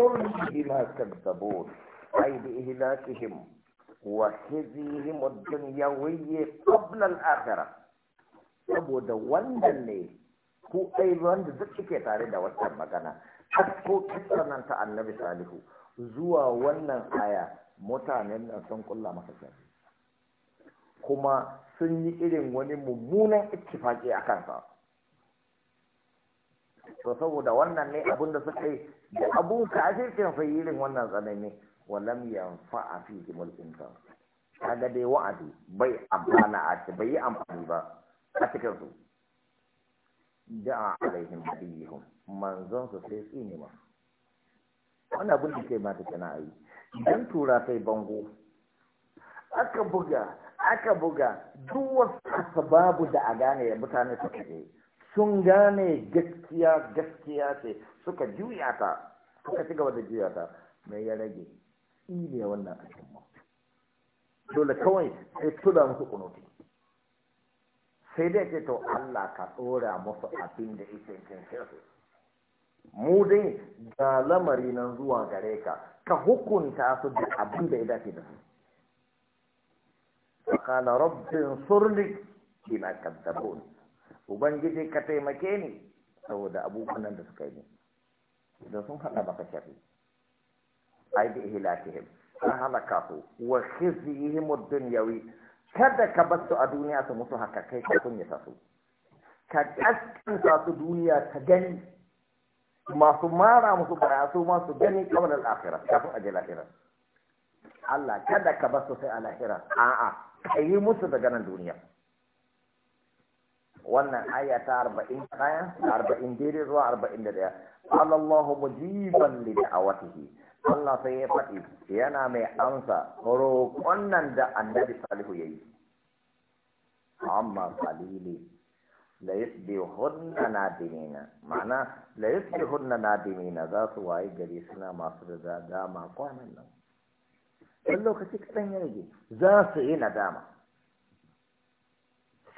وذرني بما كذبون أي بإهلاكهم وخزيهم الدنيوي قبل الآخرة saboda wannan ne ku ai wanda duk kike tare da wannan magana har ko kissanan ta annabi salihu zuwa wannan aya mutanen nan sun kulla masa kuma sun yi irin wani mummunan ittifaki a kansa to saboda wannan ne abin da suka yi da abun kafircin ke irin wannan tsanani walam a fi mulkin sa kaga dai wa'adi bai amfana a ce bai yi amfani ba a cikin su da'a alaihim nabiyihum manzon su sai tsine ma wannan abin da ke ma ta kana yi dan tura sai bango aka buga aka buga duk wasu sababu da a gane mutane suka kaje sun gane gaskiya gaskiya ce suka juya ta suka ci gaba da juya ta mai ya rage ile wannan aikin mu dole kawai sai tuda musu kunoti sai dai ce to Allah ka tsora musu abin da yake cikin su mu dai ga lamari nan zuwa gare ka ka hukunta su da abin da ya dace da su فقال رب انصرني بما كذبون ubangiji ka taimake ni saboda abubuwan da suka yi da sun hada maka shafi ai da ihlatihim an halaka su wa khizyihim ad-dunyawi kada ka bar su a duniya su mutu haka kai ka kunyata su ka kaskanta su duniya ta gani masu mara musu baya su masu gani kawai al-akhirah kafin ajal akhirah Allah kada ka bar su sai al-akhirah a'a yi musu daga nan duniya wannan aya ta arba'in ɗaya arba'in daidai zuwa arba'in da ɗaya Allahu mujiban li da'watihi Allah sai ya fadi yana mai amsa roƙon nan da annabi salihu yayi amma qalili la yasbihunna nadimina ma'ana la yasbihunna nadimina za su waye gari suna masu da dama kwanan nan wani lokaci kaɗan ya rage za su yi nadama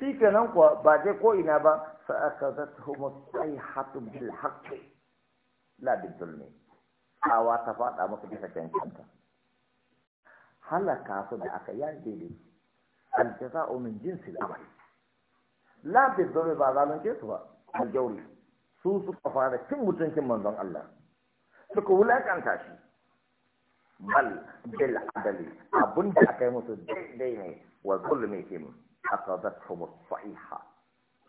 shi nan kuwa ba je ko ina ba fa akhadathum as-sayhatu bil haqqi la bil zulmi awa ta faɗa musu bisa cancanta halaka su da aka yi daidai al-jaza'u min jinsi da amai labin zulmi ba zalunce su ba al jauri su suka fara cin mutuncin manzon Allah suka wulakanta shi bal bil adali abinda aka yi musu daidai ne wa zulmi kimin Akwai batubur fa'i ha.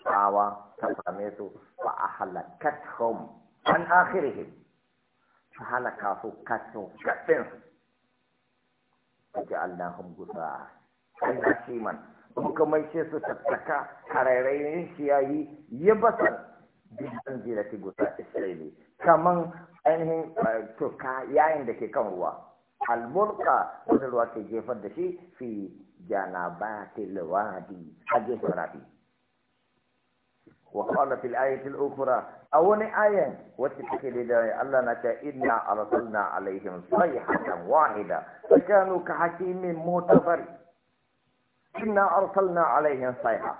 Sawa ta fahimtu ba a hala an home. Wani akhiri he, su hala kufa su ka tsin suke allahumma guda. maice su tattaka ka rairayin shi ya yi yabatan. Bikin jirati guda a Isira'i Kaman ainihin cokali yayin da ke kan ruwa. Albarka, wajen ke gefen da shi fili. janabatil wadi hajjul farabi wa qala fil ayatil ukhra aw ni aya wa tikhili da allah na ta inna arsalna alaihim sayhatan wahida fa kanu ka hakimin mutafar inna arsalna alaihim sayha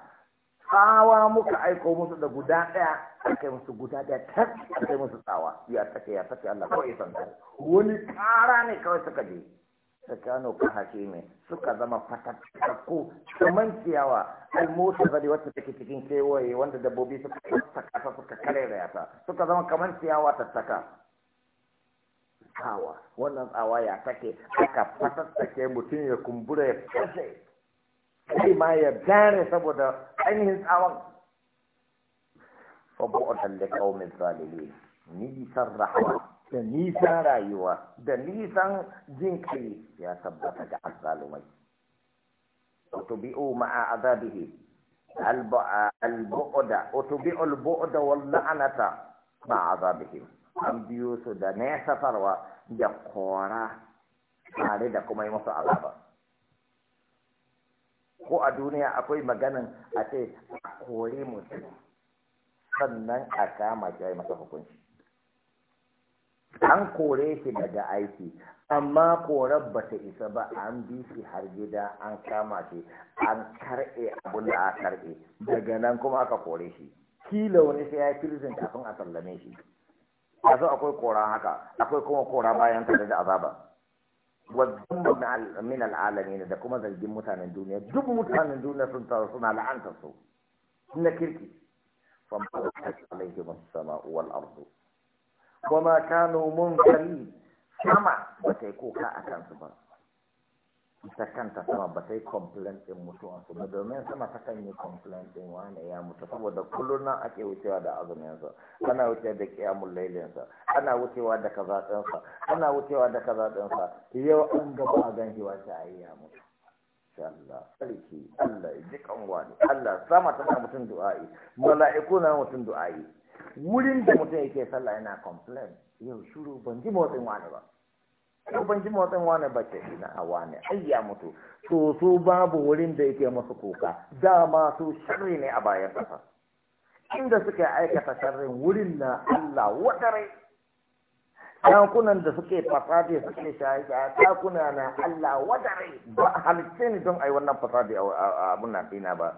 tawa muka aiko musu da guda daya kai musu guda ɗaya tak kai musu tawa ya take ya take allah ko isan wani kara ne kawai suka je sakano ka hakime suka zama fatakku kaman ciyawa al mota zari wacce take cikin kewaye wanda dabbobi suka tsaka ta suka kare da yata suka zama kaman ciyawa tsaka tsawa wannan tsawa ya take aka fatattake mutum ya kumbura ya fashe kai ma ya dare saboda ainihin tsawon fa bu'atan liqaumin zalimin ni sarrahawa da nisan rayuwa da nisan jin kai ya tabbata ga azzalumai utubi'u ma'a azabihi al-bu'da utubi'u al wal la'nata ma'a azabihi an biyo su da nesa farwa da kora tare da kuma yi musu azaba ko a duniya akwai maganin a ce a kore mutum sannan a kama ya masa hukunci an kore shi daga aiki amma korar ba ta isa ba an bi shi har gida an kama shi an karɓe abin da aka karɓe daga nan kuma aka kore shi kila wani sai ya firzin kafin a sallame shi yanzu akwai kora haka akwai kuma kora bayan ta da azaba wajen min al'alami da kuma zargin mutanen duniya duk mutanen duniya sun taru suna la'antar su na kirki fa ma'a alaihi wasu sama'u wal ardu وما mun منكرين sama ba ta yi kuka a kansu ba ita kanta sama ba ta yi complaint din su ba domin sama ta kan yi complaint din wani ya mutu saboda kullum nan ake wucewa da azumin sa ana wucewa da kiyamun sa ana wucewa da sa ana wucewa da sa yau an gaba a gan shiwa ta yi ya mutu Allah sarki Allah ya ji kanwa Allah sama tana mutum du'a'i mala'iku na mutum du'a'i wurin da mutum yake sallah yana complain yau shuru ban ji motsin wani ba yau ban ji motsin wani ba ce na a wani ai mutu to su babu wurin da yake masu kuka dama su sharri ne a bayan kasa inda suka aikata sharrin wurin na Allah wadarai ɗakunan da suke fasadi suke shaye ɗakuna na Allah wadare ba halitta ne don a yi wannan fasadi a abin nan ba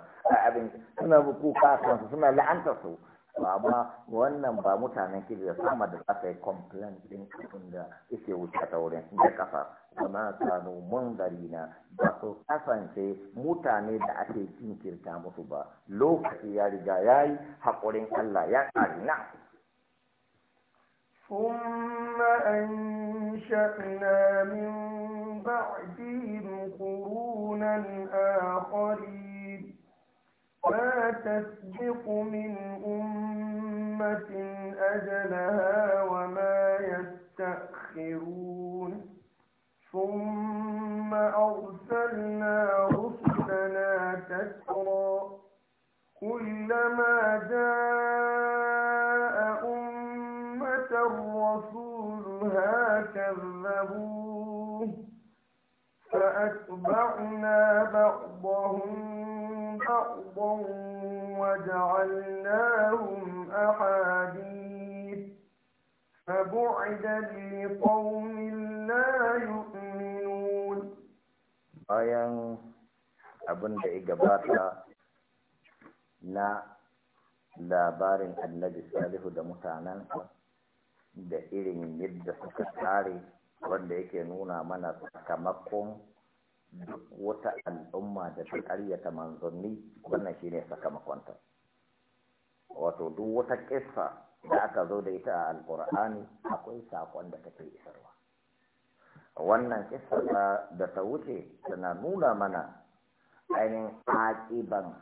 abin suna kuka kansu suna la'anta su amma wannan ba mutanen kiri da sama da aka yi komplain din kafin da yake wuce ta wurin da kafa zama kanu mangari na ba su kasance mutane da ake kinkirta musu ba lokaci ya riga ya yi haƙurin allah ya ƙari na ثم أنشأنا من بعدهم قرونا آخرين ما تسبق من أمة أجلها وما يستأخرون ثم أرسلنا رسلنا تترى كلما جاء أمة رسولها كذبوه فأتبعنا بعضهم حقبا وجعلناهم أحاديث فبعدا لقوم لا يؤمنون bayan abin da ya gabata na labarin annabi salihu da mutanensa da irin yadda suka tare, wanda yake nuna mana sakamakon duk wata al'umma da ta karyata manzanni wannan shi ne sakamakonta wato duk wata ƙissa da aka zo da ita a alƙur'ani akwai sakon da take isarwa wannan ƙissa da ta wuce tana nuna mana ainihin aƙiban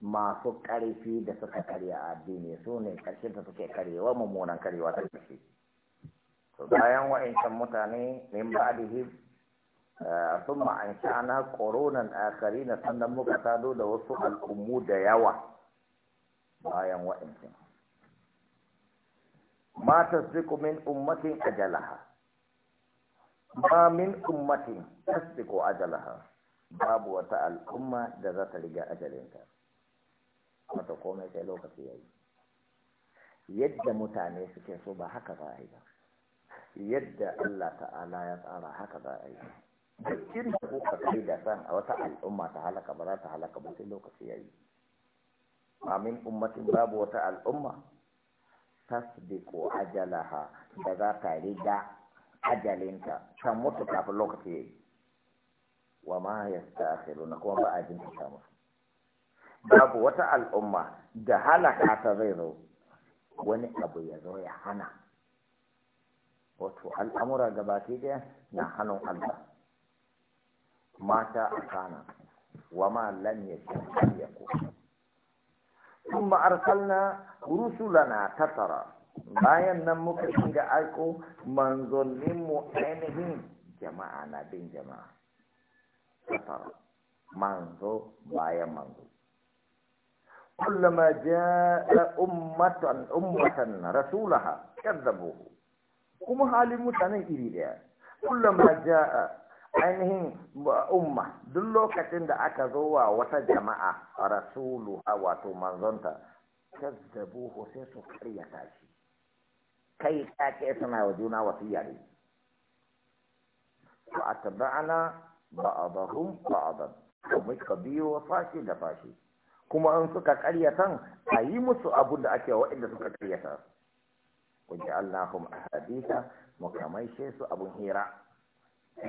masu ƙarfi da suka karya a addini su ne ƙarshen da suke karyewa mummunan karyewa ta ƙarshe bayan wa'incan mutane min ba'dihim sun eh, ma'anci ana koronan akari na sannan muka tado da wasu al'ummu da yawa bayan wa'incin matar ziku min ummatin ajalaha ba min ummatin ajalaha babu wata al'umma da za ta riga ajalinta mata komai sai lokaci ya yi yadda mutane suke so ba haka za a yi ba yadda Allah ta'ala ya tsara haka za a yi duk da kuka kai da san a wata al'umma ta halaka ba za ta halaka ba sai lokaci ya yi amin ummatin babu wata al'umma tasbiqu ajalaha da za ta riga ajalinta ta mutu kafin lokaci ya yi wa ma yasta'khiruna kuma ba a ta musu babu wata al'umma da halaka ta zai zo wani abu ya zo ya hana wato al'amura gabaki ɗaya na hannun Allah mata a kana wa ma lam yasha yakun ثم أرسلنا رسلنا تترى bayan nan muka shiga aiko manzoninmu ainihin jama'a na bin jama'a tara manzo bayan manzo kullama jaa ummatan ummatan rasulaha kadzabuhu kuma halin mutanen iri daya kullama jaa ainihin umma duk lokacin da aka zo wa wata jama'a rasulu a wato manzonta kazzabuhu sai su karyata shi kai kake suna wa juna wasu a ne wa ba a ba'dan kuma ka biyo fashi da fashi kuma an suka karyatan a yi musu abun da ake waɗanda suka karyata wajen allahum hadisa mu kamashe su abun hira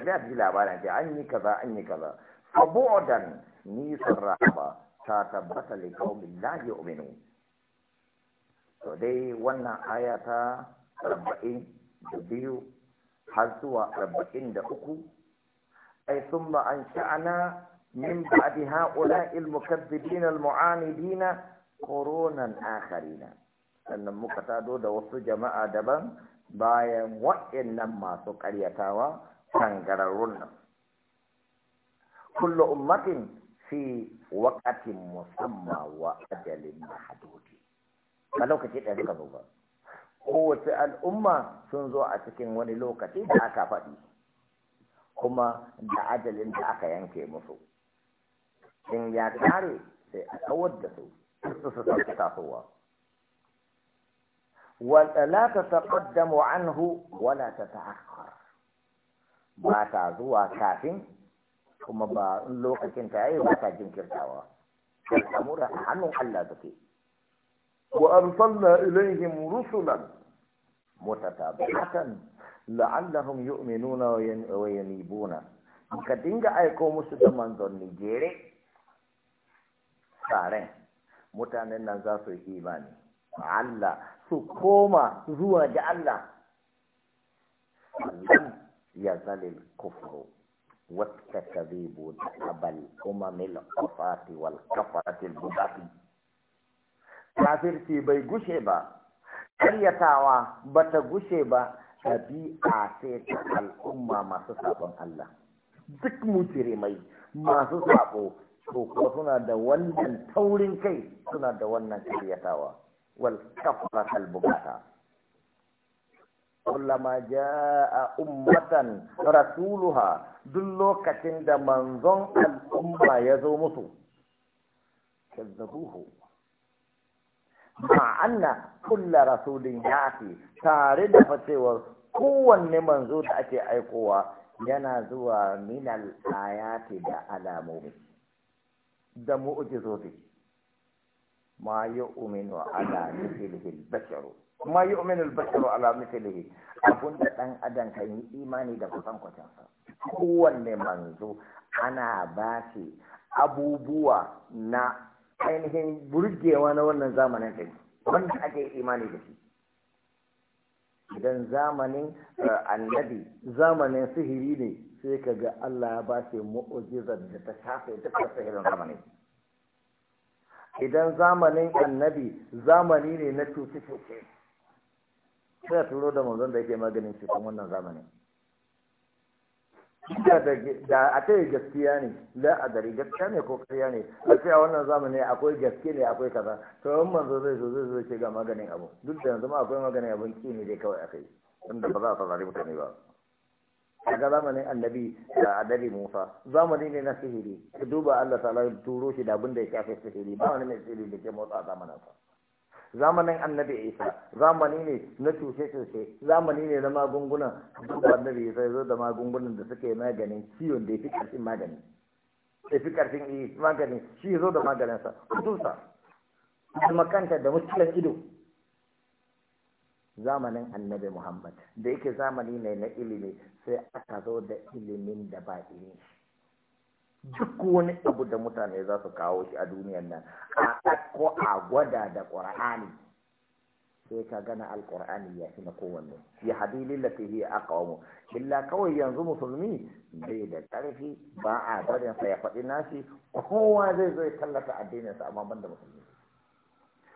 za ji labarin ce an yi kaza an yi kaza sabodan nisan rahama ta tabbata li qaumin la yu'minun to dai wannan aya ta 40 da biyu har zuwa 43 ai ba an sha'ana min ba'di ha'ula'i al-mukaththibin al koronan akharina sannan muka tado da wasu jama'a daban bayan waɗannan masu ƙaryatawa tangararrun nan kullu ummatin fi waqatin musamma wa ajalin mahdudi Ka lokaci ɗaya suka kowace al'umma sun zo a cikin wani lokaci da aka faɗi kuma da ajalin da aka yanke musu in ya tare sai a kawar da su su su sauke tasowa la ta taqaddamu anhu wala ta ta'akhkhar ba zuwa kafin kuma ba in lokacin ta yayi ba ta jinkirtawa al'amura a hannun Allah take wa arsalna ilaihim rusulan mutatabi'atan la'allahum yu'minuna wa yanibuna ka dinga aiko musu da manzanni jere sare mutanen nan za su yi imani Allah su koma zuwa da Allah Ya al-kufru wata at da abal umam al wal kafarati bugati kafirci bai gushe ba karyatawa ba ta gushe ba a sai ta al'umma masu sabon Allah duk mai masu sabo to ko suna da wannan taurin kai suna da wannan karyatawa wal kafarat al kullama jaa ummatan rasuluha duk lokacin da manzon al'umma ya zo musu kazzabuhu ma'anna kulla rasulin yafi tare da facewar kowanne manzo da ake aikowa yana zuwa minal ayati da alamomi da mu'jizozi ma yu'minu ala mithlihi al-basharu kuma yi umin albashiru ala misalihi abun da ɗan adam kan yi imani da kusan kwacinsa kowanne manzo ana ba shi abubuwa na ainihin burgewa na wannan zamanin ɗin wanda ake imani da shi idan zamanin eh, annabi zamanin sihiri ne sai ka ga Allah ya ba shi mu'ujizar da ta shafe dukkan sihirin zamanin idan zamanin annabi zamani ne na cuce-cuce sai a turo da manzon da yake maganin cikin wannan zamanin da a ce gaskiya ne da a gari gaskiya ne ko kariya ne a ce a wannan zamani akwai gaske ne akwai kaza to yan manzo zai zo zai zo ce ga maganin abu duk da yanzu ma akwai maganin abin ki ne dai kawai akai wanda ba za a saurari mutane ba daga zamanin annabi da adari musa zamani ne na sihiri ka duba allah ta'ala turo shi da abin da ya shafe sihiri ba wani mai sihiri da ke motsa zamanin sa zamanin annabi isa zamani ne na cuce-cuce zamani ne na magunguna duba annabi isa ya zo da magungunan da suke maganin ciwon da ya fi ƙarfin magani ya fi ƙarfin eh, magani shi zo da maganinsa kutursa da makanta da mutulan ido zamanin annabi muhammad da yake zamani ne na ilimi sai aka zo da ilimin da ba ilimi duk wani abu da mutane za su kawo shi a duniyar nan a ko a gwada da ƙur'ani sai ka gana alƙur'ani ya fi na kowanne ya hadi lillafi hiya aqwamu illa kawai yanzu musulmi bai da ƙarfi ba a barin sa ya faɗi nashi kowa zai zo ya tallata addinin sa amma banda musulmi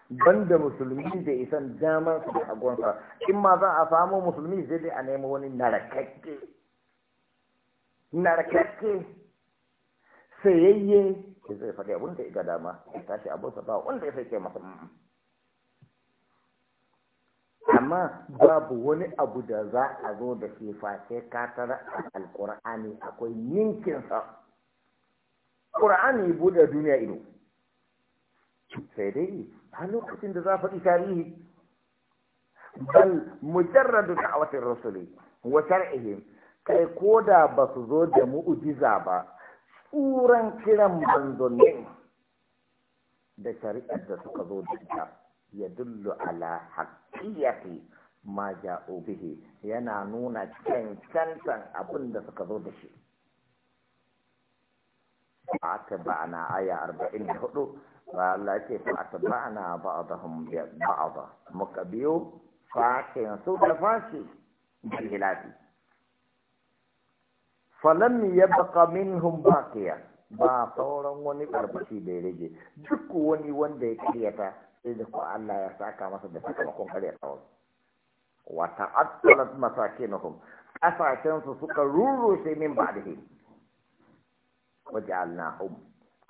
banda musulmi da isan daman su da agonsa in ma za a samu musulmi zai dai a nemo wani narakakke narakakke sayayye da zai faɗi abin da ya ga dama ya tashi abinsa ba wanda ya masu masa amma babu wani abu da za a zo da shi face katar a alƙur'ani akwai ninkinsa bude buɗe duniya ido sai dai a lokacin da za faɗi tarihi bal mujarradu da'awatir rasuli wa shar'ihim kai koda ba su zo da mu'jiza ba tsuran kiran manzonin da shari'ar da suka zo da ita ya dullu ala haƙƙiyati ma ja'u bihi yana nuna cancantan abin da suka zo da shi aka ba'ana aya arba'in da hudu ba Allah ce fa aka ba'ana ba ba'ada muka biyo fashin su da fashi bil hilafi falam yabqa minhum baqiya ba sauran wani barbaci da ya rage duk wani wanda ya karyata sai da ko Allah ya saka masa da sakamakon karyata wasu wa ta'attalat masakinuhum kasashen su suka rurrushe min ba'dihim waja'alnahum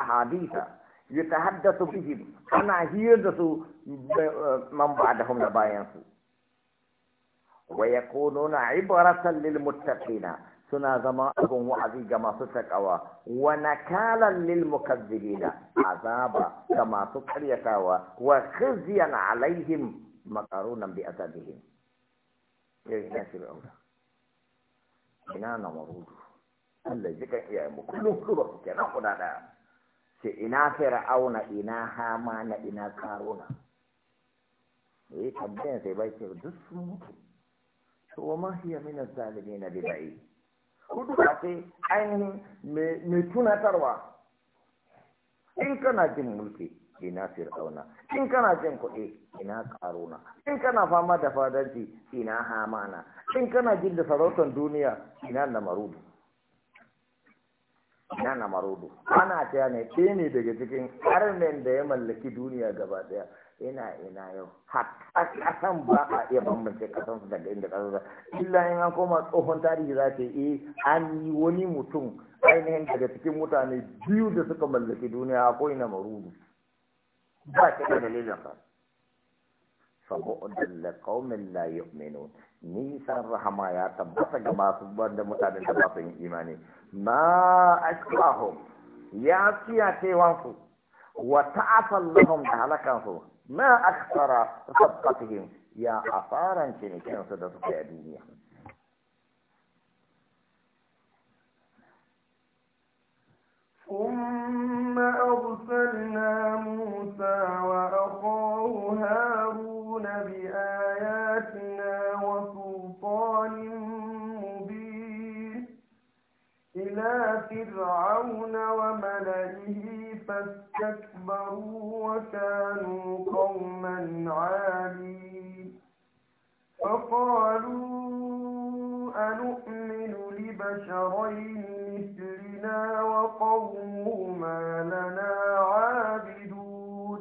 ahaditha yatahaddathu bihim ana hiyar da su eh, man ba'dahum da bayan su wa yakununa ibaratan lil muttaqina suna zama abin wa'azi ga masu takawa wa nakalan lil mukazzibina azaba ga masu karyatawa wa khizyan alaihim maqarunan bi azabihim irin ya shi aura ina na marudu Allah ji kan iyaye mu kullum kuma ke nan kuna da ce ina fir'auna ina hamana ina karuna eh tambayan sai bai ce duk sun mutu to ma hiya min zalimi na bi ba'id hudu ba ce ainihin mai tunatarwa in kana jin mulki ina fir'auna in kana jin kuɗi ina karuna in kana fama da fadanci ina hamana in kana jin da sarautar duniya ina namarudu ina namarudu ana ta ne ɗaya ne daga cikin armen da ya mallaki duniya gaba ɗaya ina ina yau a kasan ba a iya bambance kasan su daga inda kasan illa in an koma tsohon tarihi za ta yi eh, an yi wani mutum ainihin daga cikin mutane biyu da suka mallaki duniya akwai na marudu ba ta da dalilin ba saboda la qaumin la yu'minun nisan rahama ya tabbata ga masu banda mutanen da ba su yin imani ma asbahum ya siya cewansu wa ta'afallahum da halakansu ما أكثر صدقتهم يا حصارا شنكين صدقتك يا دنيا ثم أرسلنا موسى وأخاه هارون بآياتنا وسلطان مبين إلى فرعون وملئه فاستكبروا وكانوا قوما عالين فقالوا أنؤمن لبشرين مثلنا وقومهما لنا عابدون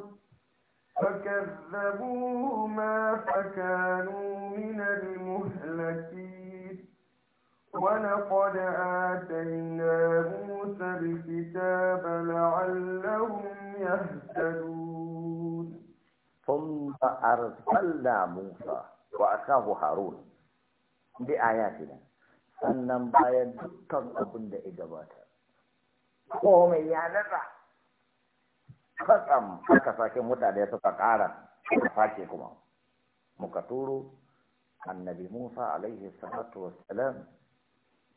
فكذبوهما فكانوا من المهلكين ولقد آتينا موسى الكتاب لعلهم يهتدون ثم أرسلنا موسى وأخاه هارون بآياتنا sannan bayan dukkan abin da ya gabata komai ya nada katsam aka sake mutane suka ƙara suka sake kuma muka turo annabi musa alaihi salatu wassalam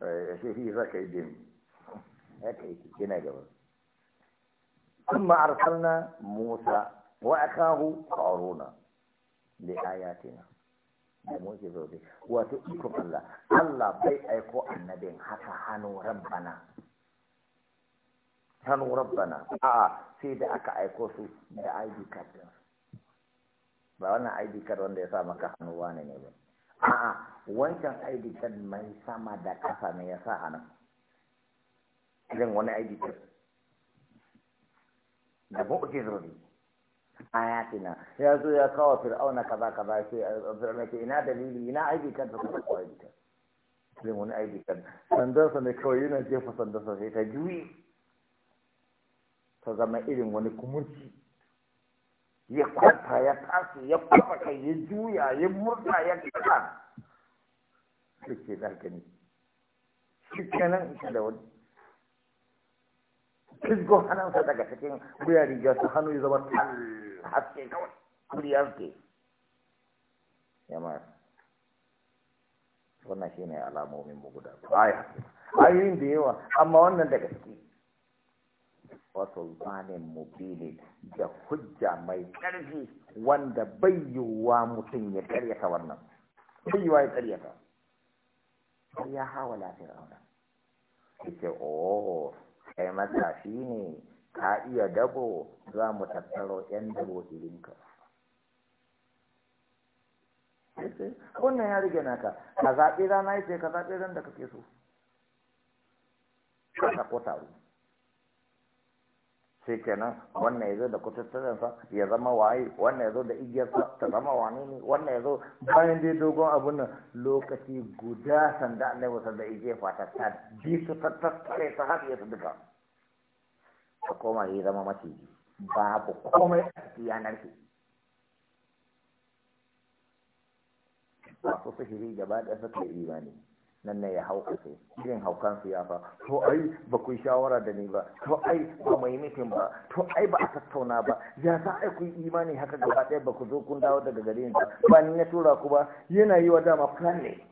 Eh, sai shi za ka yi jin haka yake yana gaba ثم أرسلنا موسى وأخاه قارون لآياتنا da muke zaune wato ikon Allah Allah bai aiko annabin haka hannu rabbana hannu rabbana a sai da aka aiko su da ID card ba wannan ID card wanda ya sa maka hannu wane ne ba a'a wancan ID card mai sama da ƙasa ne ya sa a nan irin wani ID card da mu'jizori A ya zo ya kawo fir'auna kaza kaza a eh, fir'auna ce ina dalili ina ID card da kuma kawai card irin wani ID card sandarsa ne kawai yana jefa sandarsa sai ta juyi ta zama irin wani kumurci ya kwanta ya tashi ya kwafa kai ya juya ya murta ya kasa duk ke za ka ne shi kenan ita da wani kisgo hannunsa daga cikin wuya riga su hannu ya zama tal haske kawai kuriyar ke ma wannan shi ne alamomin mu guda ayoyin da yawa amma wannan daga ciki wa sultanin mubini da hujja mai ƙarfi wanda bai yiwuwa mutum ya karyata wannan bai yiwuwa ya karyata har ya hawa lafiyar auna yace oh sai matashi ne ka iya dabo za mu tattaro yan dabo irinka wannan ya rige naka ka zaɓi rana ya ce ka zaɓi ran da kake so ka ko taro sai kenan wannan ya zo da kututtunansa ya zama waye wannan ya zo da igiyarsa ta zama wani ne wannan ya zo bayan dai dogon abin nan lokaci guda sanda annabi wasa da igiyar fata ta bi su ta tattare ta haɗe su duka ta koma ya zama maciji babu komai a cikin yanar ki masu sihiri gaba ɗaya suka yi imani nan ne ya haukace irin haukan su ya fa to ai ba ku shawara da ni ba to ai ba mai mitin ba to ai ba a tattauna ba ya za a ku imani haka gaba ɗaya ba ku zo kun dawo daga gare ni ba ni na tura ku ba yana yi wa dama plan ne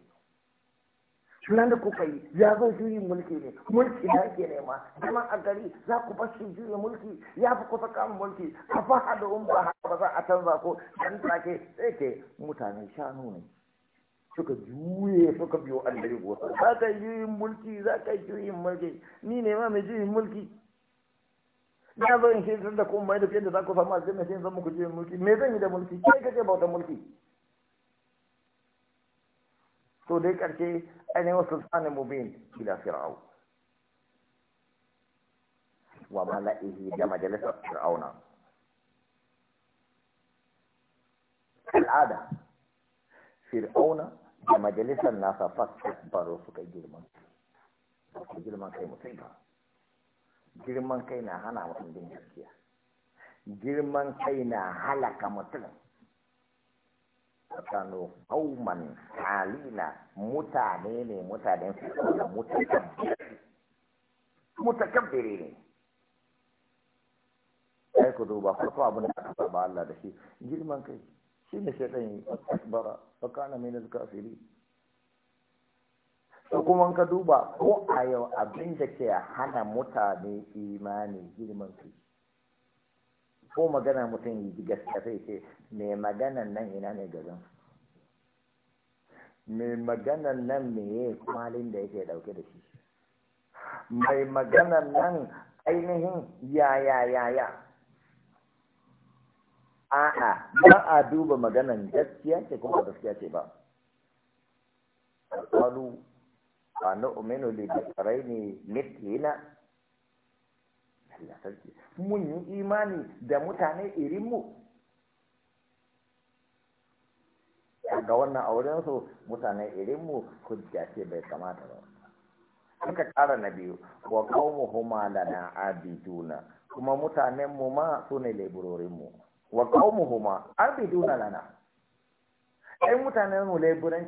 plan da kuka yi ya zo juyin mulki ne mulki da ke nema zama a gari za ku bar shi mulki ya fi kusa kama mulki a faha da umba ba za a canza ko dan take sai ke mutane shanu ne suka juye suka biyo annabi gosa za ka yi juyin mulki za ka yi juyin mulki ni ne ma mai juyin mulki na zo in shirin da kuma mai da fiye da za ku samu aljanna shi zan muku juyin mulki me zan yi da mulki kai kake bauta mulki to dai karshe ainihin sultanin mubin ila fir'au wa mala'ihi da majalisar fir'auna al'ada fir'auna da majalisar nasa fasfas baro suka girman su girman kai mutum ba girman kai na hana mutum din gaskiya girman kai na halaka mutum kano hauman halina mutane ne mutanen su da mutakabbiri ne ai ku duba farko abin da aka saba Allah da shi girman kai shi ne shaɗan akbara ka na nazika kafiri su kuma ka duba ko a yau abin da ke hana mutane imani girman su ko magana mutum yi gaskiya sai ce mai magana nan ina ne zan? mai magana nan meye kwalin da yake dauke da shi mai magana nan ainihin yaya yaya a'a ba a duba maganan gaskiya ce ko gaskiya ce ba qalu ana umenu li ne mitina? Allah sarki mun yi imani da mutane irin mu ga wannan auren su mutane irin mu hujja ce bai kamata ba suka ƙara na biyu wa kawo qaumuhuma lana abiduna kuma mutanen mu ma sune leburorin mu wa qaumuhuma abiduna lana ai mutanen mu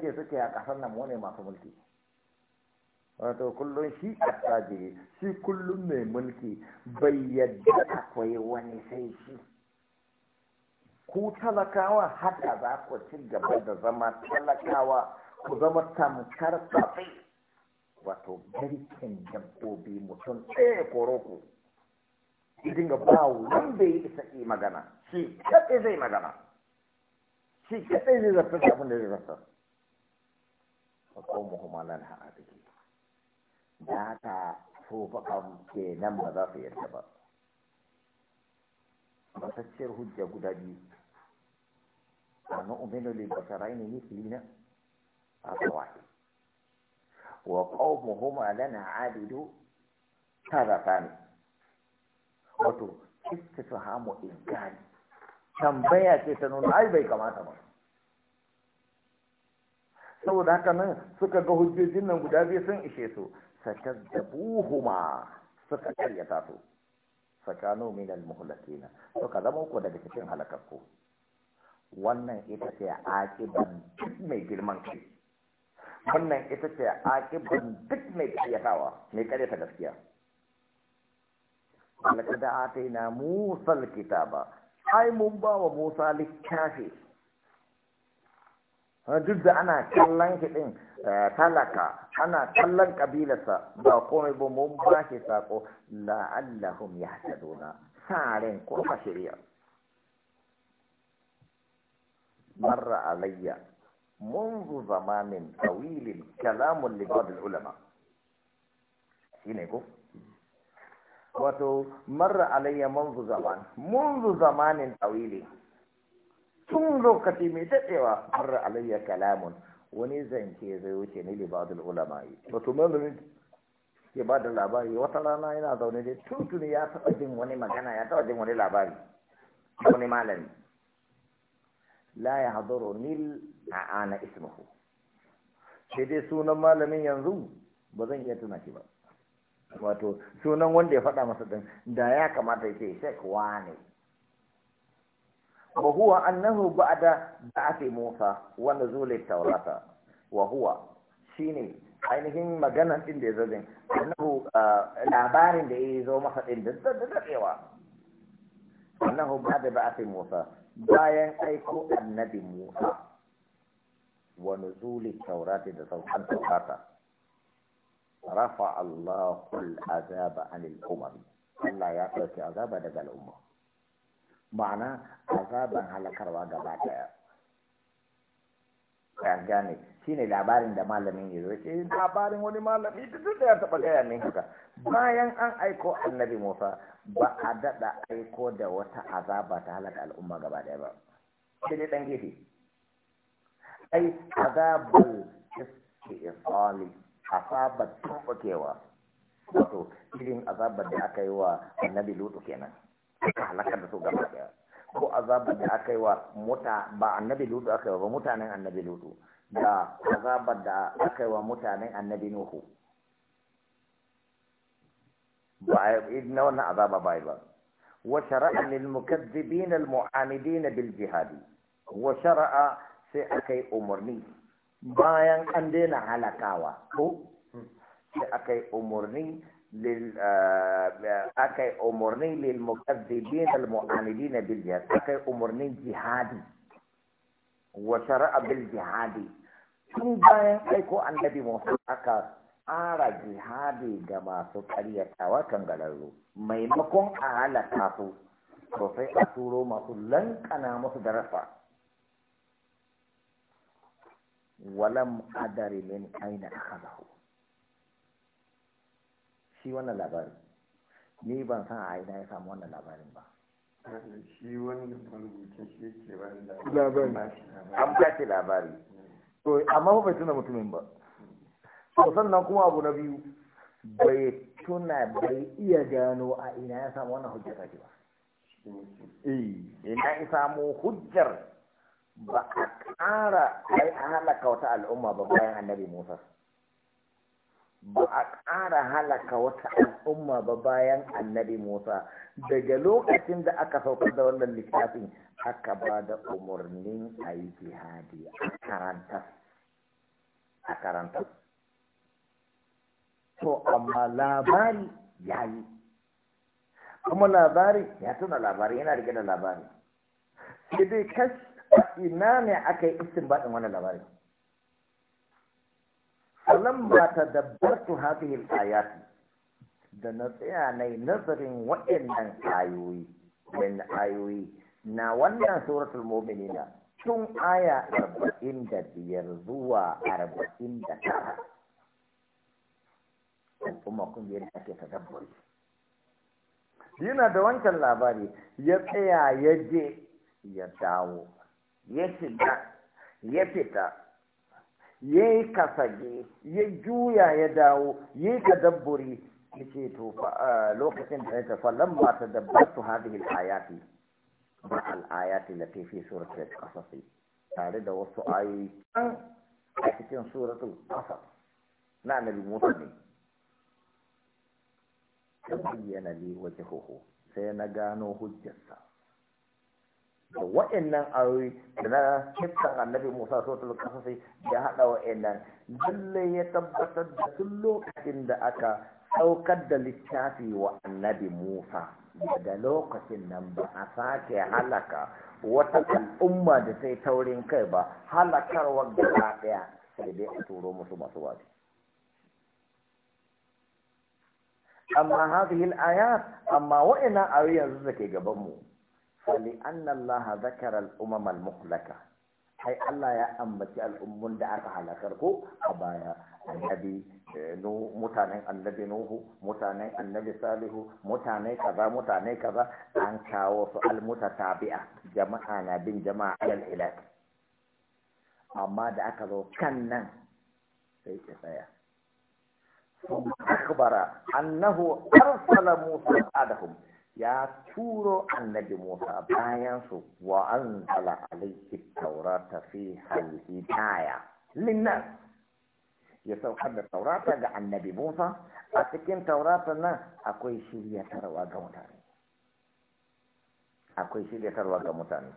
ke suke a kasar nan mu ne masu mulki wato kullum shi attajiri shi kullum mai mulki bai yadda akwai wani sai shi ku talakawa haka za ku ci gaba da zama talakawa ku zama tamkar tsafi wato garken dabbobi mutum ɗaya koroko ku dinga ba wanda ya isa yi magana shi kaɗai zai magana shi kaɗai zai zartar da abin da zai zartar a komu kuma nan ha'a da ke da haka tofakan ke nan ba za su yarda ba matacciyar hujja guda biyu a ba libasarai ne mislina a kawai wa qawmuhuma ta abidu ne, wato kifta istifhamu inkari tambaya ce ta nuna ai bai kamata ba saboda haka nan suka ga hujjojin nan guda biyu sun ishe su sakazzabuhuma suka karyata su sakano min almuhlakina ka zama uku daga cikin halakakku wannan ita ce aqiban duk mai girman kai wannan ita ce aqiban duk mai karyatawa mai karyata gaskiya da na آتينا musal kitaba ai mun ba wa musa littafi duk da ana kallon shi din eh, talaka ana kallon kabilarsa ba komai ba mun ba shi sako la'allahum yahtaduna sa'arin ko fa marra alayya منذ tawilin طويل كلام لبعض العلماء شنو ko wato marra alayya Manzu zaman munzu zamanin tawili tun lokaci mai daɗewa marra alayya kalamun wani zance zai wuce ni libadul ulama'i wato malamin ke ba da labari wata rana yana zaune dai tuntuni ya taɓa jin wani magana ya taɓa jin wani labari wani malami la ya hadaro nil a ana ismahu sai dai sunan malamin yanzu ba zan iya tuna shi ba wato sunan wanda ya faɗa masa ɗin da ya kamata ya ce shek ne wa huwa annahu ba'da ba'ati Musa zo nuzul taurata. wa huwa ne ainihin maganan ɗin da ya din annahu labarin da ya zo masa ɗin da dadewa annahu ba'da ba'ati Musa bayan aiko annabi Musa wa nuzul taurata da saukan taurata rafa Allahul azaba anil umar Allah ya ɗauki azaba daga al'umma ma'ana azaban halakarwa gaba ɗaya ka gane shi ne labarin da malamin ya zo ce labarin wani malami da duk da ya taɓa gaya ne haka bayan an aiko annabi musa ba a daɗa aiko da wata azaba ta halaka al'umma gaba ɗaya ba shi ne ɗan gefe ai azabul istiqali asabar tumɓukewa wato irin azabar da aka yi wa annabi lutu kenan aka halakar da su gaba daya ko azabar da aka yi wa muta ba annabi lutu aka yi ba mutanen annabi lutu da azabar da aka yi wa mutanen annabi nuhu ba a yi na wannan azaba ba ba wa shara'a lil mukazzibin al mu'anidin bil jihadi wa shara'a sai aka yi bayan an daina halakawa ko sai aka yi umarni eh, eh, aka yi umarni lil mukaddibin al mu'anidin bil jihad aka yi umarnin jihadi wa shar'a bil jihadi tun bayan ko annabi Muhammad aka ara jihadi ga masu ƙaryatawa kan galarru maimakon a halaka su to sai a turo masu lankana musu darasa walam adari min aina akhadahu shi wannan labari ni ban san a aina ya samu wannan labarin ba shi wannan marubucin shi yake labari an kace labari to amma ba tuna mutumin ba to sannan kuma abu na biyu bai tuna bai iya gano a ina ya samu wannan hujjar ba eh ina ya samu hujjar ba a ƙara halaka wata al'umma ba bayan annabi Musa. Ba a ƙara halaka wata al'umma ba bayan annabi Musa. Daga lokacin da aka saukar da wannan littafin aka ba da umarnin a yi jihadi a karanta. A karanta. To, amma labari ya yi. Kuma labari ya tuna labari yana rike da labari. Sai dai kashi ina ne aka yi baɗin wani labari. salam ba ta su hadhihi yin ayati da na tsaya nai nazarin waɗannan ayoyi wani ayoyi na wannan suratul mu'minina tun aya arba'in da biyar zuwa arba'in da tara kuma kun yadda ake tadabburi yana da wancan labari ya tsaya ya je ya dawo ya shiga ya fita ya yi kasage ya juya ya dawo ya yi tadabburi ya ce to lokacin da ya tafa lamma ta dabbar su ayati ba al'ayati da fi suratul tare da wasu ayoyi a cikin suratul kasas na annabi musa ne ta bayyana li wajhuhu sai na gano hujjarsa da wa'annan ayoyi da na hissan annabi musa sotul kasasai ya haɗa wa'annan dalle ya tabbatar da tun lokacin da aka saukar da littafi wa annabi musa daga lokacin nan ba a sake halaka wata al'umma da sai taurin kai ba halakarwar gaba ɗaya sai dai a turo musu masu wasu amma hadhihi al-ayat amma wa'ina ayoyi yanzu da ke gaban mu فلأن الله ذكر الأمم المهلكة حي الله يا أمتي الأمم دعك على كركو أبايا النبي آه، نو متانين النبي نوح متانين النبي صالح متانين كذا متانين كذا أن كاوس المتتابعة جماعة بين جماعة الهلاك أما دعك ذو كنن سيكي سيا ثم أخبر أنه أرسل موسى بعدهم ya turo annabi Musa bayan su wa anzala alayhi taurata fi hal hidaya linnas ya saukar da taurata ga annabi Musa a cikin taurata nan akwai shiryatarwa ga mutane akwai shiryatarwa ga mutane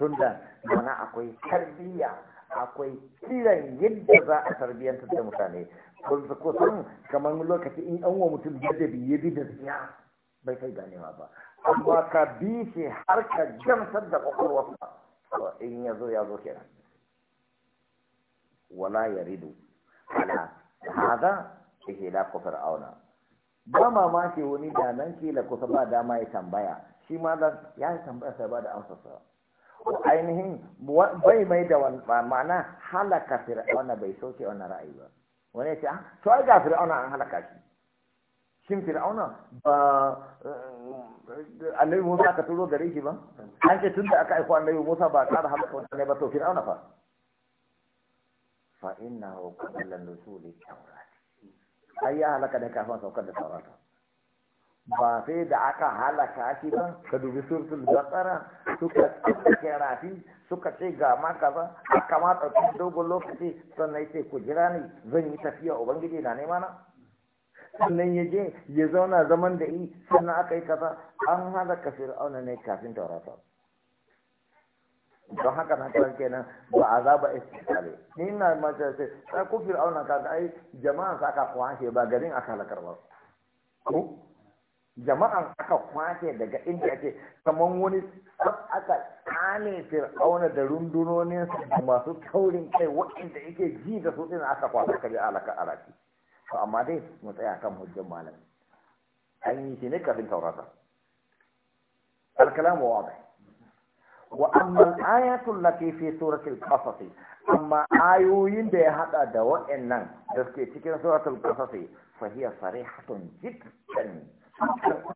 tunda mana akwai tarbiyya akwai kiran yadda za a tarbiyyanta da mutane kusan kamar lokaci in an wa mutum yadda ya bi da ziyara bai kai ganewa ba amma ka ce har ka gamsar da ba to in ya zo ya zo kenan wala ya ridu ala da kofar auna ba mamaki wani da nan ke da kusa ba dama ya tambaya shi ma ya tambaya sai ba da amsarsa ainihin bai mai da ma'ana halaka fir'auna bai soke wannan ra'ayi ba wani ya ce ah, to ai ga fir'auna an halaka shi cikin fir'auna ba eh, annabi musa ka turo gare shi ba an ce tun da aka aiko annabi musa ba ƙara halaka ne ba to fir'auna fa fa inna hu qabla nuzuli tawrat ayya halaka da kafin saukar da tawrat ba sai da aka halaka shi ba ka dubi suratul baqara suka tsaka rafi suka ce ga ma kaza kamata ma ɗauki dogon lokaci sannan ya ce ku jira ni zan yi tafiya ubangiji na nema na sannan ya je ya zauna zaman da yi sannan aka yi kasa, an hada ka fir'auna ne kafin taurata don haka na kawai kenan ba a zaba istikale ni ina mace sai sai ku fir'auna ka ai jama'an sa aka kwashe ba garin aka halakar ba ko jama'an aka kwashe daga inda ake kamar wani sab aka kane fir'auna da rundunonin da masu taurin kai waɗanda yake ji da su ina aka kwashe kaje alaka alaki to amma dai mu tsaya kan hujjar malam an yi shi ne kafin taurata alkalamu wa bai wa amma ayatul lati fi suratul qasas amma ayoyin da ya hada da wa'annan da suke cikin suratul qasas fa hiya sarihatun jiddan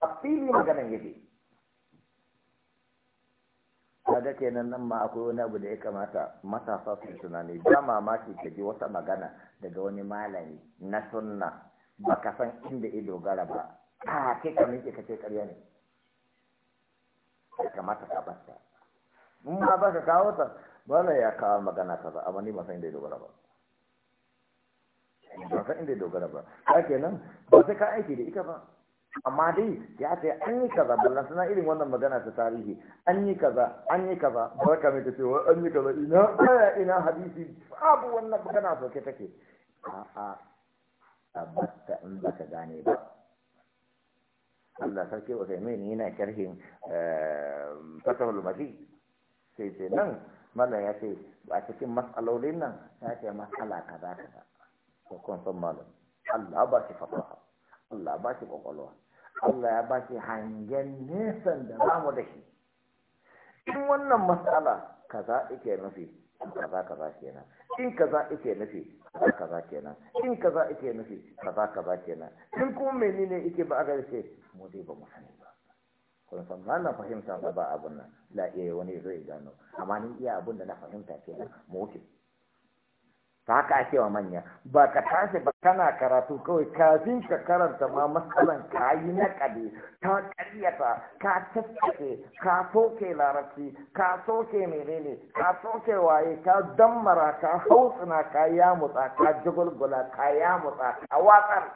a fili maganan yake kaga kenan nan ma akwai wani abu da ya kamata matasa su tunani ba mamaki ka ji wata magana daga wani malami na sunna ka san inda ya dogara ba a kai ka miƙe ka ce karya ne ya kamata ka basta in ma ba ka kawo ta bala ya kawo magana kaza amma ni ba san inda ya dogara ba ba san inda ya dogara ba ka kenan ba sai ka aiki da ita ba amma dai ya ce an yi kaza ballan suna irin wannan magana ta tarihi an yi kaza an yi kaza barka mai ta ce wa an yi kaza ina aya ina hadisi babu wannan magana sauke take a a batta in ba ka gane ba Allah sarki wa sai mai yana sharhin eh, fatawul mafi sai ce nan mallan ya ce a cikin matsalolin nan ya ce matsala kaza kaza ko kon san mallan Allah ba shi fasaha Allah ba shi kwakwalwa Allah ya ba shi hangen nesan da za mu da shi in wannan matsala kaza ike nufi kaza kaza kenan in kaza ike nufi kaza kaza kenan in kaza ike nufi kaza kaza kenan in kuma menene ike ba aka ce mu dai ba mu sani ba kun san ba na fahimta ba abun nan la iya eh, wani zai gano amma ni iya abun da na fahimta kenan mu wuce ta haka ake wa manya ba ka tashi ba kana karatu kawai kafin ka karanta ma matsalan ka yi naƙali ka karyata ka tattake ka soke larabci ka soke menene ka soke waye ka dammara ka hautsina ka yamutsa ka jigulgula ka yamutsa ka watsar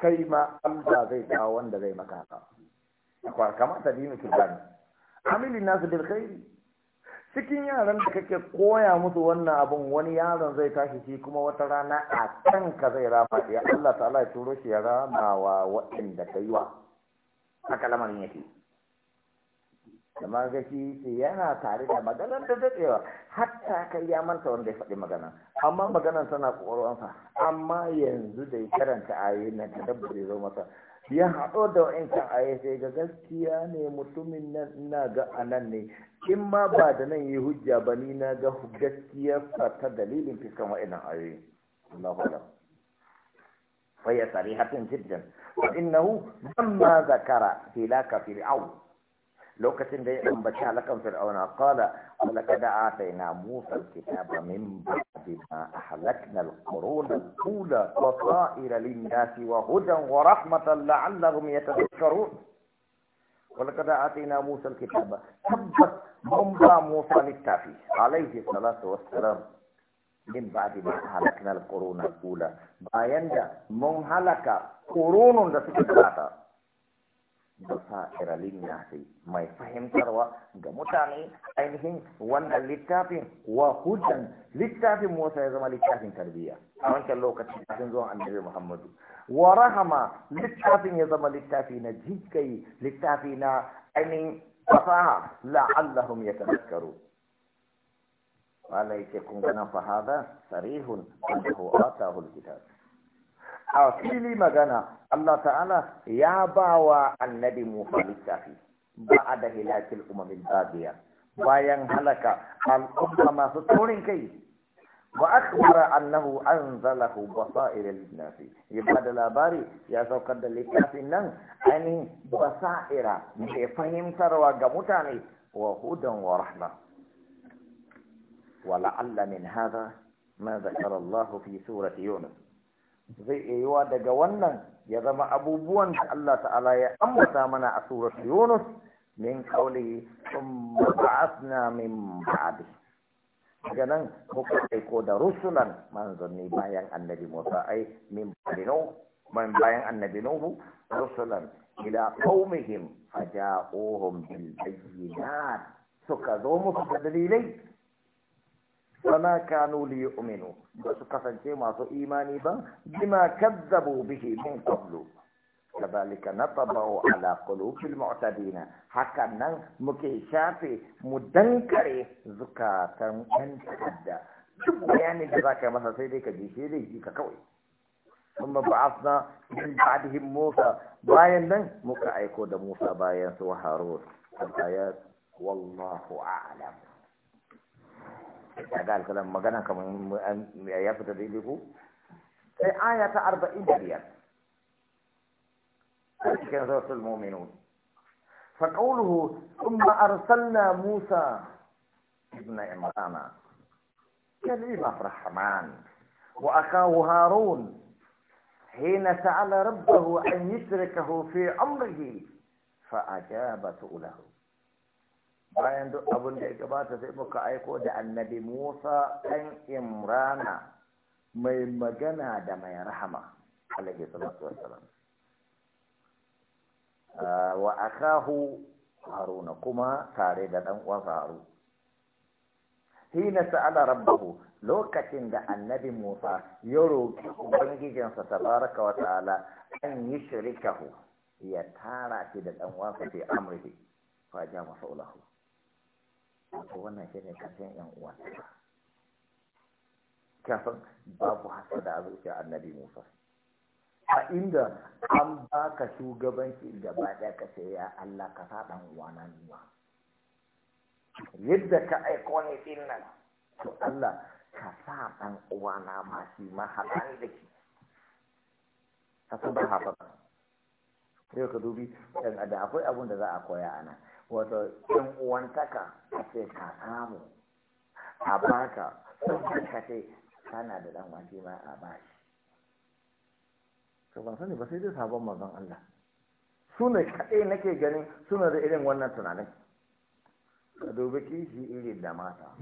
kai ma Allah zai kawo wanda zai maka haka kamata dinu kibani amilin nasu bil khairi cikin yaran da kake koya musu wannan abun wani yaron zai tashi shi kuma wata rana a kanka ka zai rama ya Allah ta'ala ya turo shi ya rama wa waɗanda ka yi wa haka lamarin yake kamar ga shi yana tare da maganar da daɗewa hatta kai ya manta wanda ya faɗi magana amma maganar tana ƙwaƙwalwansa amma yanzu da ya karanta ayoyin na ta dabbare zo masa ya haɗo da wa'incan ayoyi sai ga gaskiya ne mutumin nan ina ga anan ne in ma ba da nan yi hujja ba ni na ga gaskiyarsa ta dalilin fiskan wa'annan ayoyi Allahu alam fa ya sarihatan jiddan wa innahu lamma zakara hilaka fir'aun lokacin da ya ambaci halakan fir'auna qala wa laqad ataina musa alkitaba min ba'di ma ahlakna alquruna alula wa sa'ira lin-nasi wa hudan wa rahmatan la'allahum yatadhakkarun walakada atina musa alkitaba tabbas mun ba musa littafi alayhi salatu wassalam min ba'di ma halakna alquruna alula bayan da mun halaka qurunun da suke tsata dosa basaira linnasi mai fahimtarwa ga mutane ainihin wannan littafin wa hudan littafin Musa ya zama littafin tarbiyya a wancan lokacin kafin zuwan annabi Muhammadu wa rahama littafin ya zama littafi na jikai littafi na ainihin fasaha la'allahum yatadhakkaru wala yake kun ganin fa hada sarihun annahu atahu alkitab a fili magana Allah ta'ala ya ba wa annabi Musa littafi ba a da hilakil umamin babiya bayan halaka al'umma masu taurin kai wa akhbara annahu anzalahu ba lin-nasi ya bada labari ya saukar da littafin nan ani basaira mai fahimtarwa ga mutane wa hudan wa rahma wa la'alla min hadha ma zakara Allah fi surat Yunus zai iya yiwa daga wannan ya zama abubuwan da Allah ta'ala ya ambata mana a surat Yunus min kauli thumma ba'athna min ba'di daga nan muka aiko da rusulan manzanni bayan annabi Musa ai min bayan annabi ba'di rusulan ila qaumihim نوح bil إلى suka zo musu da dalilai. وما كانوا ليؤمنوا بس كفنتي ما سو إيماني با بما كذبوا به من قبل كذلك نطبع على قلوب المعتدين هكذا مكيشافي مدنكري زكاة من تحدى duk bayanin da za ka masa sai dai ka ji dai ji kawai sun ba ba'asna min Musa bayan nan muka aiko da Musa bayan su Harun ayat wallahu a'lam ya ga alkalam magana kamar ya fita daidai ko sai aya ta arba'in da biyar a cikin sautul mu'minun fa qawluhu thumma arsalna musa ibn imrana كلمة الرحمن وأخاه هارون حين سأل ربه أن يشركه في أمره فأجابته له bayan duk abin da ya gabata sai muka aiko da annabi Musa ɗan Imrana mai magana da mai rahama alaihi salatu salam ah, wa akahu haruna kuma tare da ɗan uwansa haru hina sa'ala rabbahu lokacin da annabi Musa ya roƙi ubangijinsa tabaraka wa ta'ala an yi shirikahu ya tara shi da ɗan uwansa fi amrihi fa ja masa ulahu to wannan shi ne ƙarshen yan uwa kafin babu hasada a zuciya annabi musa a inda an baka shugabanci gaba ɗaya ka ce ya allah ka sa ɗan uwana nima yadda ka aiko ne ɗin nan to allah ka sa ɗan uwana ma shi ma haɗa da shi ka ba haɓaka sai ka dubi da akwai abun da za a koya a nan wato ɗan uwantaka a ce ka samu a baka sun ka ce kana da ɗan wake ma a bashi to ba sani ba sai dai sabon mazan Allah su ne kaɗai nake ganin suna da irin wannan tunanin ka dubi kishi irin da mata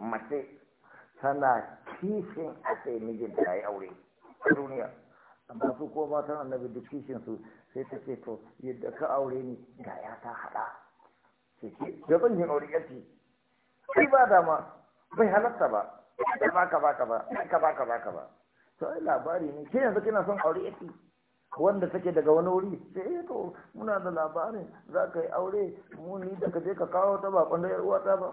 mace tana kishin ake mijinta ya yi aure duniya amma su ko matan annabi duk kishin su sai ta ce to yadda ka aure ni ga ya ta haɗa ce ce da ban yin aure yanci sai ba dama bai halatta ba ka ba ka ba ka ba ka ba ka ba ka ba to ai labari ne ke yanzu kina son aure yanci wanda take daga wani wuri sai eh, to muna da labarin za ka yi aure mu ni da ka je ka kawo ta ba kwanda yar uwa ta ba